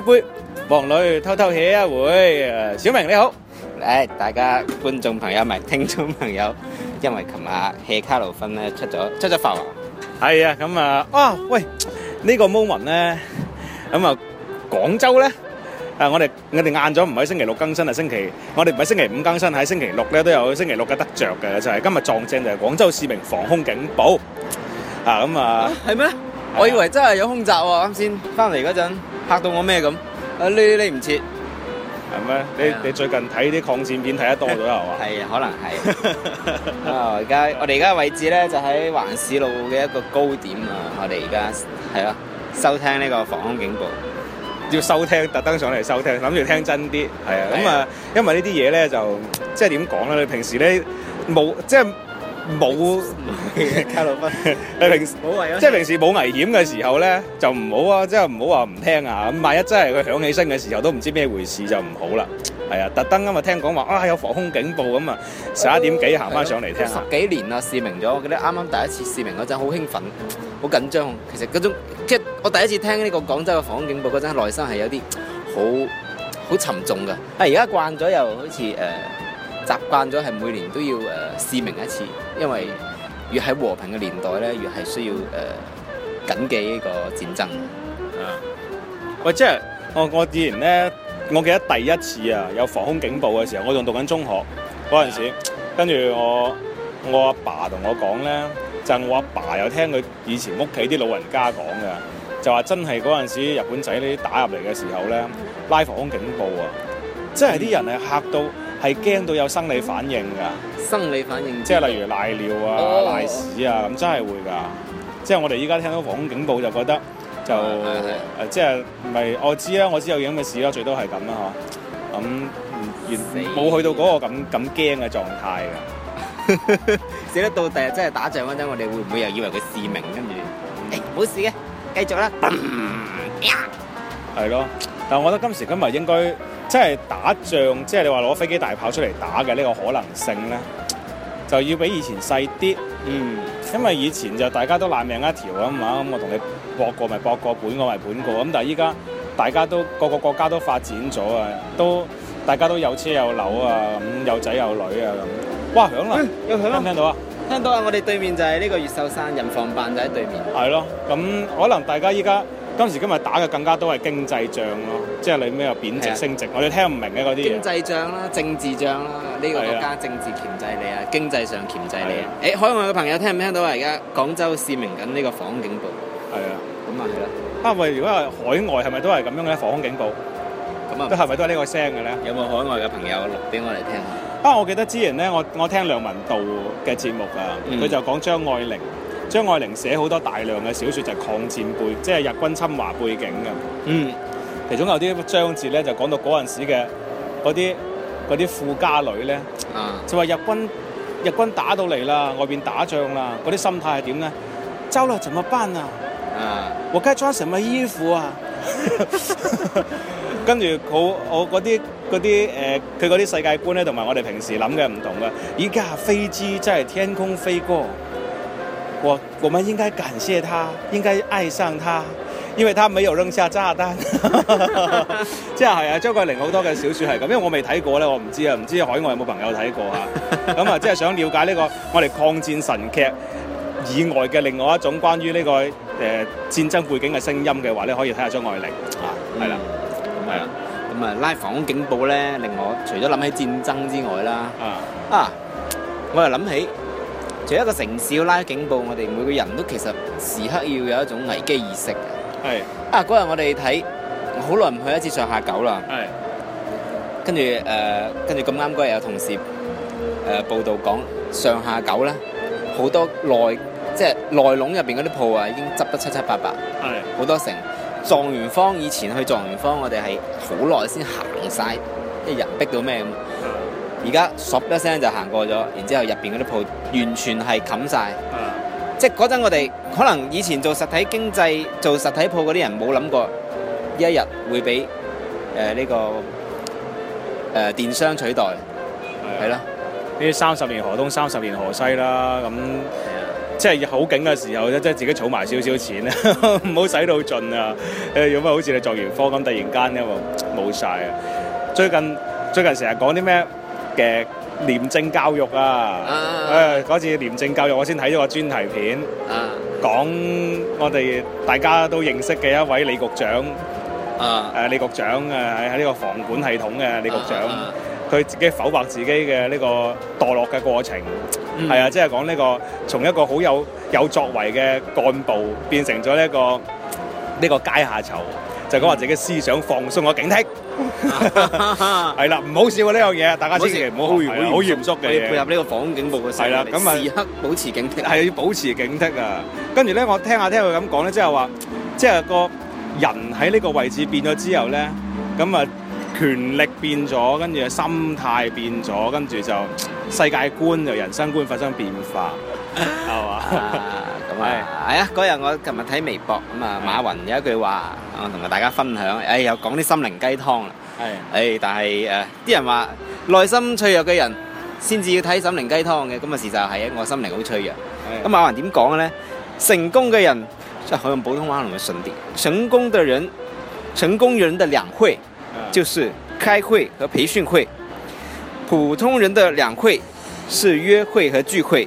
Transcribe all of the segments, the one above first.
一杯，望女偷偷 hea 一會。小明你好，誒，大家觀眾朋友咪聽眾朋友，因為琴日 hea 卡路芬咧出咗出咗發黃，係啊，咁啊，啊，喂，呢個 moment 咧，咁啊，廣州咧，啊，我哋我哋晏咗唔係星期六更新啊，星期我哋唔係星期五更新喺星期六咧都有星期六嘅得着嘅就係今日撞正就係廣州市民防空警報啊，咁啊，係咩？我以為真係有空襲喎，我啱先翻嚟嗰陣。嚇到我咩咁？啊呢呢唔切，係咩？你你，你，啊，你最近睇啲抗戰片睇得多咗係嘛？係 啊，可能係啊。 而家我哋而家位置咧就喺環市路嘅一個高點啊。我哋而家係啊，收聽呢個防空警報，要收聽特登上嚟收聽，諗住聽真啲係啊。咁啊，因為呢啲嘢咧就即係點講咧？你平時咧冇即係。冇 卡路芬，即係平時冇危險嘅時候咧，就唔好啊！即係唔好話唔聽啊！咁萬一真係佢響起身嘅時候，都唔知咩回事就唔好啦。係啊，特登今日聽講話啊，有防空警報咁啊，十一點幾行翻上嚟聽、哦哦哦哦哦哦、十幾年啦，試明咗我記得啱啱第一次試明嗰陣，好興奮，好緊張。其實嗰種即係我第一次聽呢個廣州嘅防空警報嗰陣，內心係有啲好好沉重噶。啊，而家慣咗又好似誒。呃習慣咗係每年都要誒、呃、試鳴一次，因為越喺和平嘅年代咧，越係需要誒、呃、緊記呢個戰爭。啊、嗯！喂，即、就、係、是、我我以前咧，我記得第一次啊有防空警報嘅時候，我仲讀緊中學嗰陣時候，嗯、爸爸跟住我我阿爸同我講咧，就係、是、我阿爸又聽佢以前屋企啲老人家講嘅，就話真係嗰陣時候日本仔呢打入嚟嘅時候咧，拉防空警報啊，即係啲人係嚇到。係驚到有生理反應㗎、嗯，生理反應即係例如瀨尿啊、瀨、oh. 屎啊，咁真係會㗎。即係我哋依家聽到防空警報就覺得就誒、oh. 呃，即係唔係？我知啦，我知道，我知道有樣嘅事啦，最多係咁啦，嚇。咁完冇去到嗰、那個咁咁驚嘅狀態㗎。死 得到第日真係打仗嗰陣，我哋會唔會又以為佢視明？跟住誒冇事嘅，繼續啦。係咯、哎，但係我覺得今時今日應該。即係打仗，即係你話攞飛機大炮出嚟打嘅呢、這個可能性咧，就要比以前細啲。嗯，因為以前就大家都爛命一條啊嘛，咁、嗯、我同你搏過咪搏過，本過咪本過。咁但係依家大家都個個國家都發展咗啊，都大家都有車有樓啊，咁有仔有女啊咁、嗯。哇！響啦，有響啦，聽到啊？聽到啊！我哋對面就係呢個越秀山人防辦，就喺對面。係咯，咁可能大家依家。今時今日打嘅更加都係經濟仗咯、嗯，即係你咩啊貶值升值，嗯、我哋聽唔明嘅嗰啲。經濟仗啦、啊，政治仗啦、啊，呢、呢個國家政治鉗制你啊，經濟上鉗制你啊。誒、欸，海外嘅朋友聽唔聽到啊？而家廣州市鳴緊呢個防空警報。係啊，咁啊係啦。啊，喂，如果係海外係咪都係咁樣嘅咧？防空警報，咁、嗯、啊，不是不是都係咪都係呢個聲嘅咧？有冇海外嘅朋友錄俾我哋聽下？啊，我記得之前咧，我我聽梁文道嘅節目啊，佢、嗯、就講張愛玲。張愛玲寫好多大量嘅小説，就係、是、抗戰背，即、就、係、是、日軍侵華背景嘅。嗯，其中有啲章節咧，就講到嗰陣時嘅嗰啲啲富家女咧、啊，就話日軍日軍打到嚟啦，外邊打仗啦，嗰啲心態係點咧？周六怎麼辦啊？啊，我梗係裝什麼衣服啊？ 跟住好我啲啲誒，佢嗰啲世界觀咧，同埋我哋平時諗嘅唔同嘅。而家飛機真係天空飛過。我我們應該感謝他，應該愛上他，因為他沒有扔下炸彈。即樣係啊，張愛玲好多嘅小說係咁，因為我未睇過咧，我唔知啊，唔知海外有冇朋友睇過啊。咁 啊，即、就、係、是、想了解呢、這個我哋抗戰神劇以外嘅另外一種關於呢、這個誒、呃、戰爭背景嘅聲音嘅話咧，你可以睇下張愛玲啊，係、嗯、啦，係啦。咁啊，拉、嗯啊嗯嗯嗯、防空警報咧，令我除咗諗起戰爭之外啦、嗯，啊，嗯、我又諗起。除一個城市要拉警報，我哋每個人都其實時刻要有一種危機意識嘅。係啊，嗰日我哋睇好耐唔去一次上下九啦。係。跟住誒、呃，跟住咁啱嗰日有同事誒、呃、報道講，上下九咧好多內即係內籠入邊嗰啲鋪啊，就是、已經執得七七八八。係。好多城，狀元坊以前去狀元坊，我哋係好耐先行晒，曬，即係人逼到咩咁。而家索一聲就行過咗，然之後入邊嗰啲鋪完全係冚曬，即係嗰陣我哋可能以前做實體經濟、做實體鋪嗰啲人冇諗過一天，一日會俾誒呢個誒、呃、電商取代，係咯？30 30呢三十年河東，三十年河西啦，咁即係好景嘅時候咧，即係自己儲埋少少錢啊，唔 好使到盡啊！誒，如果好似你做完科咁，突然間咧冇冇晒啊！最近最近成日講啲咩？廉政教育啊，誒、啊、嗰、啊、次廉政教育我先睇咗個專題片，講、啊、我哋大家都認識嘅一位李局長，誒、啊、李、啊、局長誒喺呢個房管系統嘅李局長，佢、啊、自己否白自己嘅呢個墮落嘅過程，係、嗯、啊，即係講呢個從一個好有有作為嘅幹部變成咗呢、這個呢、這個階下囚。就講話自己思想放鬆咗警惕、啊哈哈哈哈 了。係啦，唔好笑喎呢樣嘢，大家千祈唔好好嚴肅嘅嘢，要配合呢個防空警報嘅時刻，時刻保持警惕。係要保持警惕啊！跟住咧，我聽下聽佢咁講咧，即係話，即係個人喺呢個位置變咗之後咧，咁啊權力變咗，跟住心態變咗，跟住就世界觀又人生觀發生變化，係、啊、嘛？啊係，係啊！嗰日、哎、我琴日睇微博咁啊，馬雲有一句話，同埋大家分享，誒、哎、又講啲心靈雞湯啦。係，誒、哎、但係誒啲人話，內心脆弱嘅人先至要睇心靈雞湯嘅，咁、那、啊、個、事實、就、係、是、我心靈好脆弱。咁馬雲點講嘅咧？成功嘅人就係、是、用普通話嚟寫啲。成功嘅人，成功的人的兩會就是開會和培訓會、嗯；普通人的兩會是約會和聚會；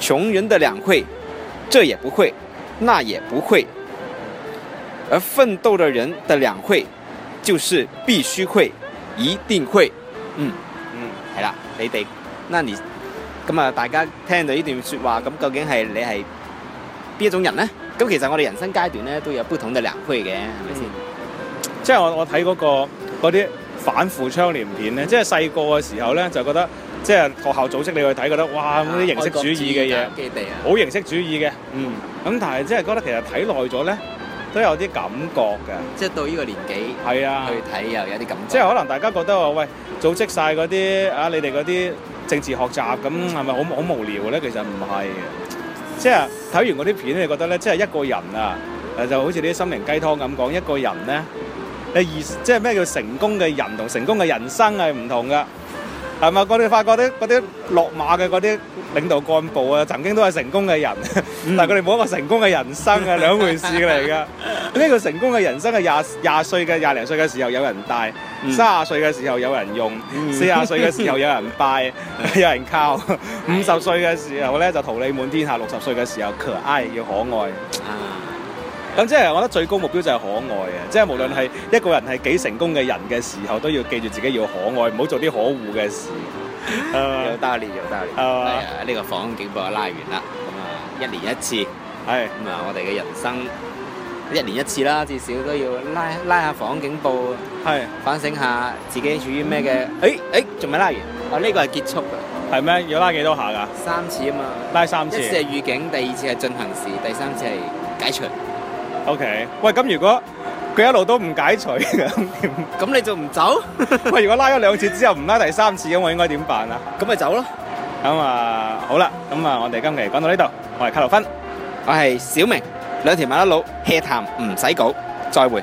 窮人的兩會。這也不會，那也不會，而奮鬥的人的兩會，就是必須會，一定會，嗯，嗯，係啦，你哋，Nanny，咁啊，那那大家聽到呢段說話，咁究竟係你係邊一種人呢？咁其實我哋人生階段咧都有不同嘅兩會嘅，係咪先？即係我我睇嗰、那個嗰啲反腐倡廉片咧，即係細個嘅時候咧、嗯、就覺得。即係學校組織你去睇，覺得哇嗰啲形式主義嘅嘢，好形式主義嘅，嗯。咁但係即係覺得其實睇耐咗咧，都有啲感覺嘅。即係到呢個年紀，係啊，去睇又有啲感覺。即係可能大家覺得話喂，組織晒嗰啲啊，你哋嗰啲政治學習咁，係咪好好無聊咧？其實唔係嘅。即係睇完嗰啲片你覺得咧，即係一個人啊，就好似啲心靈雞湯咁講，一個人咧，你而即係咩叫成功嘅人同成功嘅人生係唔同噶。係咪？我哋發覺啲啲落馬嘅嗰啲領導幹部啊，曾經都係成功嘅人，mm -hmm. 但係佢哋冇一個成功嘅人生啊，兩回事嚟㗎。呢 個成功嘅人生係廿廿歲嘅廿零歲嘅時候有人帶，mm-hmm. 三十歲嘅時候有人用，四十歲嘅時候有人拜，有人靠，五十歲嘅時候咧就桃李滿天下，六十歲嘅時候可愛要可愛。咁即係我覺得最高目標就係可愛嘅，即係無論係一個人係幾成功嘅人嘅時候，都要記住自己要可愛，唔好做啲可惡嘅事。又得一年，又得一年，係嘛？呢、啊呢個防空警報拉完啦，咁啊一年一次，係咁啊，我哋嘅人生一年一次啦，至少都要拉拉下防空警報，係反省下自己處於咩嘅。誒、嗯、誒，仲、欸、未、欸、拉完？嗯、啊呢、這個係結束㗎，係咩？要拉幾多下㗎？三次啊嘛，拉三次。一次係預警，第二次係進行時，第三次係解除。OK，喂，咁如果佢一路都唔解除，咁點？咁你就唔走？喂，如果拉咗兩次之後唔拉第三次，咁我應該點辦啊？咁咪走咯。咁啊，好啦，咁啊，我哋今期講到呢度。我係卡路芬，我係小明，兩條麻甩佬，客談唔使稿，再會。